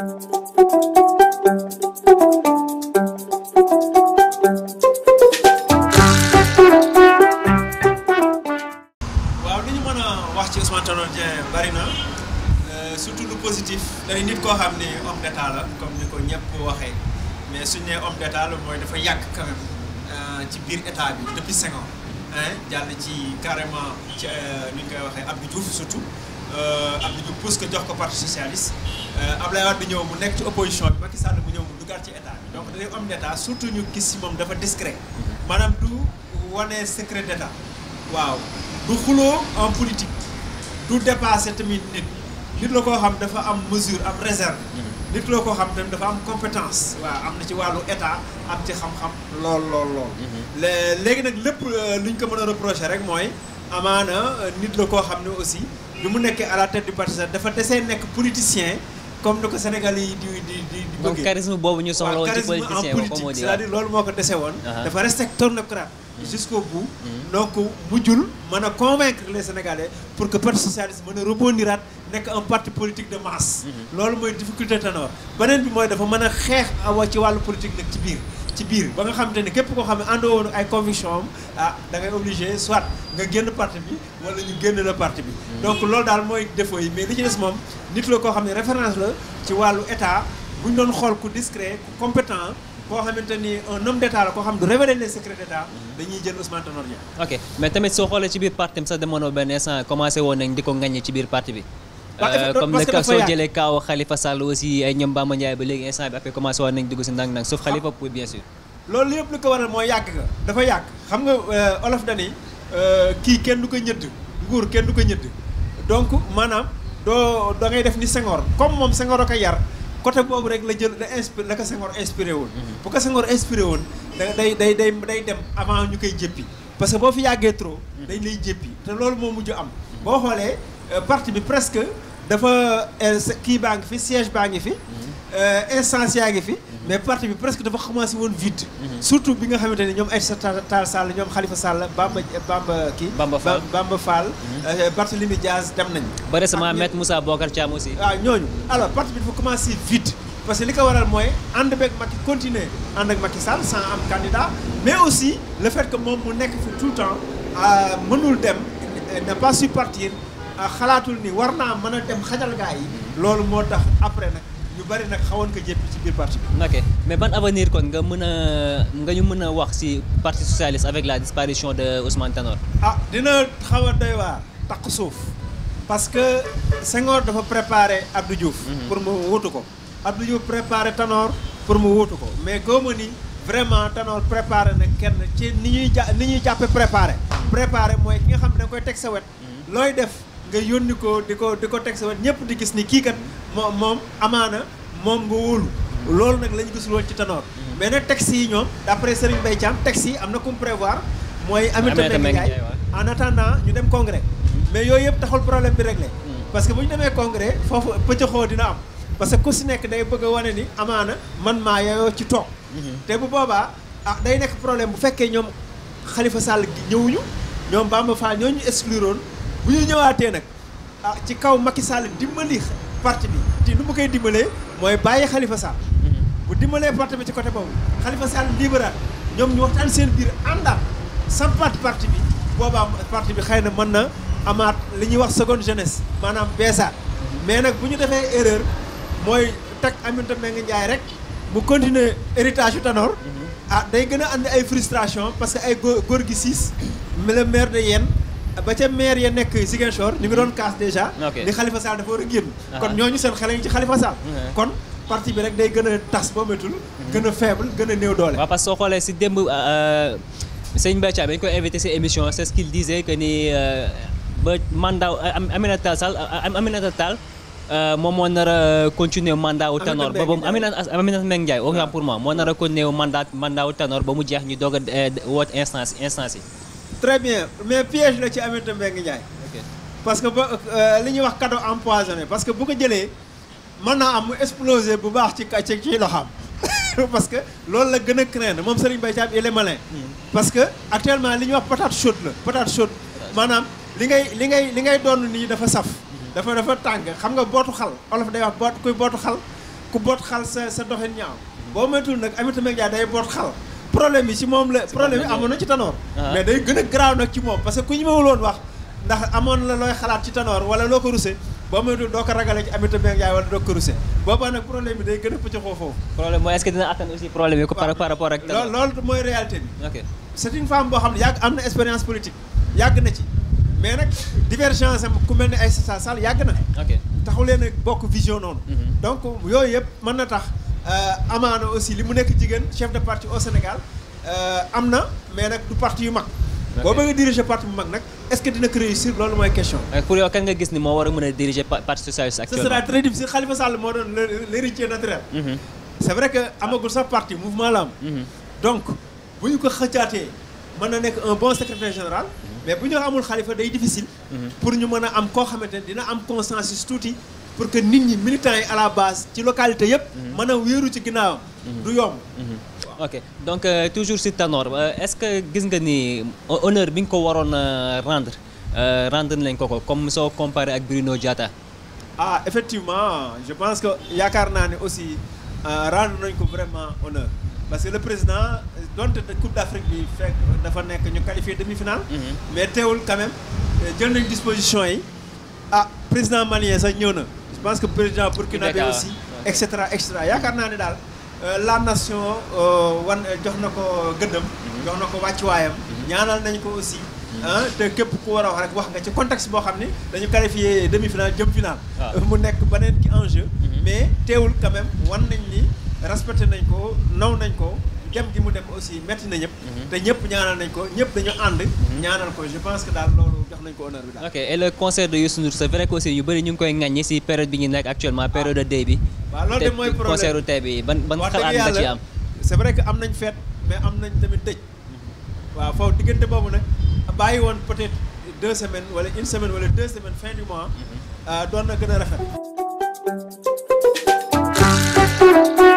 waaw li ñu mën a wax ci Ousmane Tanor Dieng bari na euh, surtout lu positif day nit koo xam ni homme d'état la comme ni ko ñëpp waxee mais suñu nee homme d'état la mooy dafa yàgg quand euh, ci biir état bi depuis cinq ans jàll ci carrément ci euh, ni ñu koy waxee Abdou Diouf surtout. Euh, Abdou Diouf pousse que jox ko parti socialiste euh, Ablaye Wade ñëw mu nekk ci opposition bi Macky Sall mu ñëw mu duggaat ci état bi donc dañuy homme d'état surtout ñu gis si moom dafa discret maanaam du wane secret d'état waaw du xuloo en politique du dépassé tamit nit nit la koo xam dafa am mesure am réserve koo xam tamit dafa am compétence waaw am na ci wàllu état am ci xam-xam lool lool lool mhm. léegi nag lépp euh, lu ko mën a reprocher rek mooy amaana nit la koo xam ne aussi li mu nekkee à la tête du parti dafa desee nekk politicien comme ni ko Sénégal yi di di di di bëggee charisme boobu ñu soxla woon ci politicien waaw charisme en politique cest ko dese woon. Uh-huh. dafa mm-hmm. a convaincre les Sénégalais pour que parti socialiste mën a rebondiraat nekk un politique de masse. Mm-hmm. loolu mooy difficulté Tanor beneen bi mooy dafa mën a xeex awa ci wàllu politique nag ci biir. ci biir ba nga xamante ne képp koo xam ne àndoo woon ay conviction am ah da ngay soit nga génn parti bi wala ñu génn la parti bi. Hmm. donc loolu daal mooy défaut yi mais li ci des moom nit la koo xam ne référence la ci wàllu état bu ñu doon xool ku discret ku compétent. koo xamante ni un homme d'état la révéler les secrets d'état dañuy jël Ousmane Tanor Dieng. ok mais tamit soo xoolee ci biir parti am sax demoon na benn instant commencé woon nañ di ko ŋaññi ci biir parti bi. Ah, comme nag soo jëlee kaaw Khalifa Sall aussi ay ñoom Bamba Ndiaye ba léegi instant bi après commencé woon nañ dugg si ndànk-ndànk sauf Khalifa pour ah. bien sûr loolu yëpp lu ko waral mooy yàgg nga dafa yàgg xam nga euh, olof dani euh, kii kenn du ko ñëdd nguur kenn du ko ñëdd donc maanaam doo da def ni Senghor comme moom Senghor a ko yar côté boobu rek la jël la inspiré la ko Senghor inspiré woon mhm. bu ko Senghor inspiré woon da day day day dem avant ñu koy jëppi parce que boo fi yàggee trop mhm. dañ lay jëppi te loolu moo mujj am boo xoolee euh, parti bi presque dafa euh, kii baa ngi fi siège baa ngi fi. Euh, instance yaa ngi fi. mais parti bi presque dafa commencé woon vide. surtout bi nga xamante ni ñoom sa Tall Sall ñoom Khalifa Sall Bamba Bamba kii. Bamba Fall Bamba Fall. Euh, Barthélémy Dias dem nañu. ba récemment Maître Moussa Bocar Thiam aussi. waaw ah, ñooñu alors parti bi dafa commencé vide. parce que li ko waral mooy ànd beeg Macky continuer ànd ak Macky Sall sans am candidat mais aussi le fait que moom mu nekk fi tout le temps mënul dem n'a pas su Ah, xalaatul nii war naa mën a dem xajal gaa yi loolu moo tax après nag ñu bari nag xawoon ko jéppi ci biir parti bi ok mais ban avenir ko nga mën a nga ñu mën a wax ci parti socialiste avec la disparition de Ousmane Tanor ah dina xaw a doy waar takk suuf parce que Senghor dafa préparer Abdou Diouf mhm. pour mu wutu ko Abdou Diouf préparé Tanor pour mu wutu ko mais góoma ni vraiment Tanor préparé nag kenn ci ni ñuy ja ni ñuy jàppe préparé préparé mooy ki nga xam ne da teg sa wet mhm. nga yónni ko di ko di ko teg sama ñëpp di gis ni kii kat moom moom amaana moom nga wóolu. loolu nag la ñu gisul woon ci Tanor. Mm-hmm. mais nag texte yi ñoom d'après Serigne Mbaye Thiam texte yi am na ku mu prévoir. mooy Aminata Mbengue Ndiaye en attendant ñu dem congrès. Mm-hmm. mais yooyu yëpp taxul problème bi réglé. Mm-hmm. parce que bu ñu demee congrès foofu pëccëxoo dina am. parce que ku si nekk day bëgg a wane ni amaana man maa yooyoo ci toog. te bu boobaa ah day nekk problème bu fekkee ñoom Khalifa Sall ñëwuñu ñoom Bamba Fall ñoo ñu excluroon bu ñu ñëwaatee nag ah ci kaw Macky Sall dimbali parti bi te nu mu koy dimbalee mooy bàyyi xalifa Sall. Mm-hmm. bu dimbalee parti bi ci côté boobu Khalifa Sall libéral ñoom ñu waxtaan seen biir àndaat sampaat parti bi boobaa parti bi xëy na mën na amaat li ñuy wax seconde jeunesse maanaam beesaat mais nag bu ñu defee erreur mooy teg Aminata Mbengue Ndiaye rek mu continuer héritage yu Tanor mm-hmm. ah day gën a andi ay frustration parce que ay góor gi siis le maire de Yène ba ca maire ya nekk Ziguinchor ñu ngi doon kaas déjà ni Khalifa Sall dafa war a génn kon ñooñu seen xale ngi ci Khalifa Sall kon parti bi rek day gën tas boo métul mhm. gën a faible gën a néew doole waaw parce que soo xoolee si démb euh, euh, sëñ Mbaye Thiam dañ koy invité si émission c'est ce qu'il disait que nii euh, ba mandat Aminata a Aminata moom moo nar a continuer mandat wu Tanor ba ba Aminata Aminata Mbengue Ndiaye ah. pour moi moo nar a ba mu jeex ñu doog a instance instance yi très bien mais piège la ci Aminata Mbengue Ndiaye. parce que ba euh, li ñuy wax cadeau empoisonné parce que bu ko jëlee mën naa am mu explosé bu baax ci ci ci loxaam parce que loolu la gën a craindre moom Serigne Mbaye Thiam il malin. Mm. parce que actuellement li ñu wax patate chaude la patate chaude. maanaam li ngay li ngay li ngay doon nii dafa saf. Mm-hmm. dafa dafa tàng xam nga bootu xal olof day wax boot kuy bootu xal ku boot xal sa sa doxin ñaaw. Mm-hmm. boo moytuwul nag amit Mbengue Ndiaye day boot xal. problème bi si moom la problème bi amoon na ci Tanor ah. mais day gën a garaaw nag ci moom parce que ku ñu mënul woon wax ndax amoon la looy xalaat ci Tanor wala loo ko rusee boo moytu doo ko ragale ci Aminata Mbengue Ndiaye wala doo ko rusee boobaa nag problème bi day gën a pëccëxoo foofu problème mooy est-ce que dina attan aussi problème yi ko par rapport ak loolu loolu mooy réalité bi ok c'est une femme boo xam ne yàgg am expérience politique yàgg na ci mais nag divergence ku mel ne Aïssata Sall yàgg na taxu leen a bokk vision noonu mhm. donc yooyu yëpp mën na tax Euh, amaana aussi li mu nekk jigéen chef de parti au Sénégal euh, am na mais nag du parti yu mag. boo bëggee diriger parti bu mag nag est-ce que dina ko réussir loolu mooy question. Euh, pour yow nga gis ni moo war a mën a diriger parti socialiste actuellement. ce difficile Khalifa Sall moo doon l'héritier naturel. Mm-hmm. c'est vrai que amagul sax parti mouvement la am. Mm-hmm. donc bu ñu ko xëccaatee mën na nekk un bon secrétaire général. Mm-hmm. mais bu ñu amul Khalifa day difficile. pour ñu mën a am koo xamante ne dina am consensus tuuti pour que nit ñi militants yi à la base ci localité yëpp. Mhm. mën a wéeru ci ginnaawam. Mhm. du yomb. Mhm. ok donc euh, toujours si Tanor euh, est-ce que gis nga ni honneur bi nga ko waroon rendre euh, rendre nañ ko ko comme soo comparé ak Bruno Diatta. ah effectivement je pense que yaakaar naa ne aussi euh, rendre nañ ko vraiment honneur parce que le président donte Coupe d'Afrique bi fekk dafa nekk ñu qualifié demi-finale. mais teewul jël nañ disposition yi ah président malien sax ñëw na je pense que président burkinabé aussi et cetera et cetera yaakaar naa ne daal euh, la nation euh, wan jox na ko gëddam mhm. jox na ko wàcc waayam mhm. ñaanal nañ ko aussi mhm. ah te képp ku war a wax rek wax nga ci contexte boo xam ne dañu qualifié demi finale jëm finale ah. mu nekk beneen ki enjeu mais teewul quand même wan nañ ni respecté nañ ko naw nañ ko dem gi mu dem aussi metti na ñëpp te ñëpp ñaanal nañ ko ñëpp dañu ànd ñaanal ko je pense que daal jox nañ ko honneur bi daal. ok et le concert de Youssou Ndour c'est vrai que aussi yu bëri ñu ngi koy ŋaññi si période bi ñu nekk actuellement ah. période de dee bi. waaw loolu de mooy ban xalaat nga ci am. c'est vrai que am nañ fête mais am nañ tamit tëj. waaw foofu diggante boobu nag bàyyi woon peut deux semaines wala une semaine wala deux semaines fin du mois. Mhm. Euh, doon na gën a rafet.